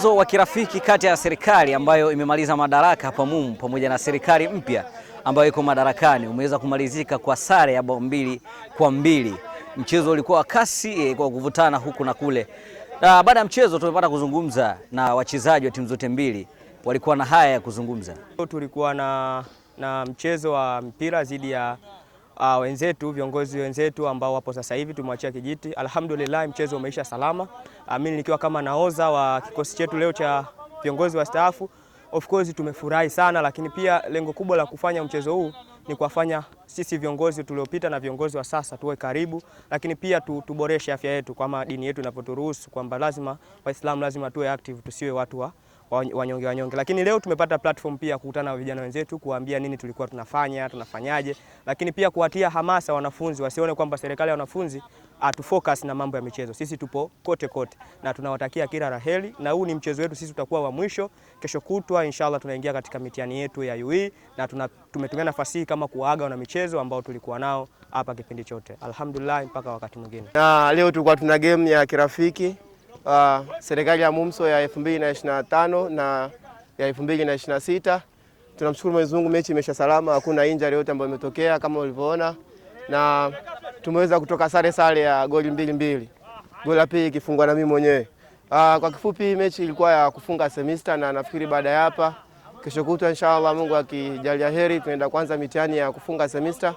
Mzozo wa kirafiki kati ya serikali ambayo imemaliza madaraka hapa MUM pamoja na serikali mpya ambayo iko madarakani umeweza kumalizika kwa sare ya bao mbili kwa mbili. Mchezo ulikuwa wa kasi eh, kwa kuvutana huku na kule, na baada ya mchezo tumepata kuzungumza na wachezaji wa timu zote mbili, walikuwa na haya ya kuzungumza. Tulikuwa na, na mchezo wa mpira dhidi ya uh, wenzetu viongozi wenzetu ambao wapo sasa hivi tumewachia kijiti. Alhamdulillah, mchezo umeisha salama. Uh, mimi nikiwa kama naoza wa kikosi chetu leo cha viongozi wastaafu, of course tumefurahi sana, lakini pia lengo kubwa la kufanya mchezo huu ni kuwafanya sisi viongozi tuliopita na viongozi wa sasa tuwe karibu, lakini pia tuboreshe afya yetu, kama dini yetu inapoturuhusu kwamba lazima Waislamu lazima tuwe active, tusiwe watu wa wanyonge wanyonge, lakini leo tumepata platform pia kukutana na vijana wenzetu, kuambia nini tulikuwa tunafanya tunafanyaje, lakini pia kuwatia hamasa wanafunzi wasione kwamba serikali ya wanafunzi atufocus na mambo ya michezo. Sisi tupo kote kote na tunawatakia kila raheli, na huu ni mchezo wetu sisi, tutakuwa wa mwisho. Kesho kutwa inshallah tunaingia katika mitihani yetu ya UE na tumetumia nafasi hii kama kuwaaga wana michezo ambao tulikuwa nao hapa kipindi chote, alhamdulillah, mpaka wakati mwingine. Na leo tulikuwa tuna game ya kirafiki uh, serikali ya MUMSO ya 2025 na ya 2026. Tunamshukuru Mwenyezi Mungu, mechi imesha salama, hakuna injury yote ambayo imetokea kama ulivyoona, na tumeweza kutoka sare sare ya goli mbili mbili, goli la pili ikifungwa na mimi mwenyewe. Uh, kwa kifupi mechi ilikuwa ya kufunga semester, na nafikiri baada ya hapa kesho kutwa inshallah, Mungu akijalia heri, tunaenda kwanza mitihani ya kufunga semester.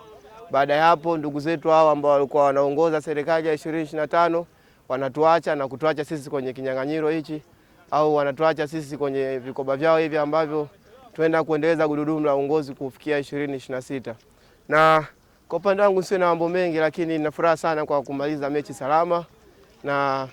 Baada ya hapo, ndugu zetu hao ambao walikuwa wanaongoza serikali ya 2025 wanatuacha na kutuacha sisi kwenye kinyang'anyiro hichi, au wanatuacha sisi kwenye vikoba vyao hivi ambavyo tuenda kuendeleza gurudumu la uongozi kufikia 2026. Na kwa upande wangu sio na mambo mengi, lakini nina furaha sana kwa kumaliza mechi salama na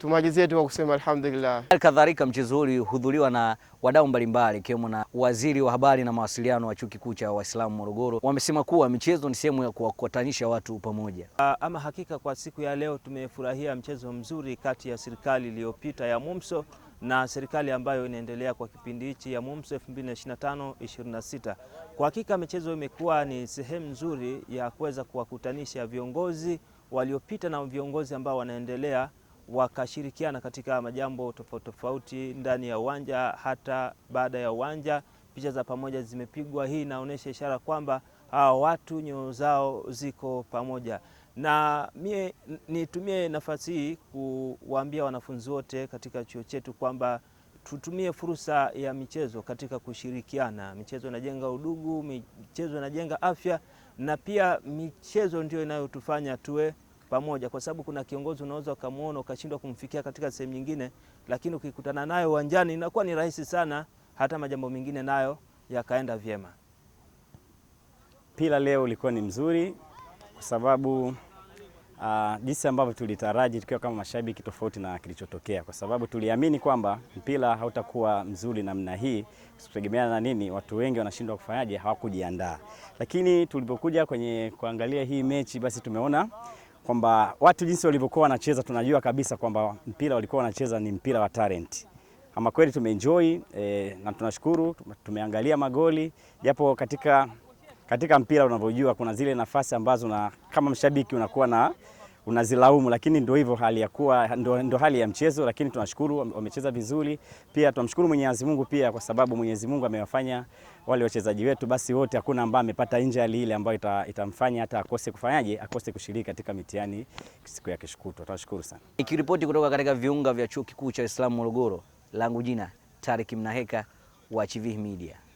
Tumalizie tu kwa kusema alhamdulillah. Kadhalika, mchezo huu ulihudhuriwa na wadau mbalimbali ikiwemo na waziri wa habari na mawasiliano wa chuo kikuu cha Waislamu Morogoro. Wamesema kuwa michezo ni sehemu ya kuwakutanisha watu pamoja. Ama hakika kwa siku ya leo tumefurahia mchezo mzuri kati ya serikali iliyopita ya MUMSO na serikali ambayo inaendelea kwa kipindi hichi ya MUMSO 2025-26. Kwa hakika michezo imekuwa ni sehemu nzuri ya kuweza kuwakutanisha viongozi waliopita na viongozi ambao wanaendelea wakashirikiana katika majambo tofauti tofauti ndani ya uwanja hata baada ya uwanja. Picha za pamoja zimepigwa. Hii inaonyesha ishara kwamba hawa watu nyoyo zao ziko pamoja, na mie nitumie nafasi hii kuwaambia wanafunzi wote katika chuo chetu kwamba tutumie fursa ya michezo katika kushirikiana. Michezo inajenga udugu, michezo inajenga afya, na pia michezo ndio inayotufanya tuwe pamoja, kwa sababu kuna kiongozi unaweza ukamwona ukashindwa kumfikia katika sehemu nyingine, lakini ukikutana naye uwanjani inakuwa ni rahisi sana hata majambo mengine nayo yakaenda vyema. Pila leo ulikuwa ni mzuri kwa sababu Uh, jinsi ambavyo tulitaraji tukiwa kama mashabiki tofauti na kilichotokea, kwa sababu tuliamini kwamba mpira hautakuwa mzuri namna hii, kutegemeana na nini, watu wengi wanashindwa kufanyaje, hawakujiandaa. Lakini tulipokuja kwenye kuangalia hii mechi, basi tumeona kwamba watu jinsi walivyokuwa wanacheza, tunajua kabisa kwamba mpira walikuwa wanacheza ni mpira wa talent. Ama kweli tumeenjoy e, na tunashukuru tumeangalia magoli japo katika, katika mpira unavyojua kuna zile nafasi ambazo na kama mshabiki unakuwa na unazilaumu, lakini ndio hivyo hali ya kuwa ndo, ndo hali ya mchezo, lakini tunashukuru wamecheza vizuri. Pia tunamshukuru Mwenyezi Mungu pia kwa sababu Mwenyezi Mungu amewafanya wale wachezaji wetu basi wote, hakuna ambaye amepata injury ile ambayo ita, itamfanya hata akose kufanyaje, akose kushiriki katika mitihani siku ya kesho Tunashukuru sana. Nikiripoti kutoka katika viunga vya Chuo Kikuu cha Islamu Morogoro, langu jina Tariki Mnaheka wa Chivihi Media.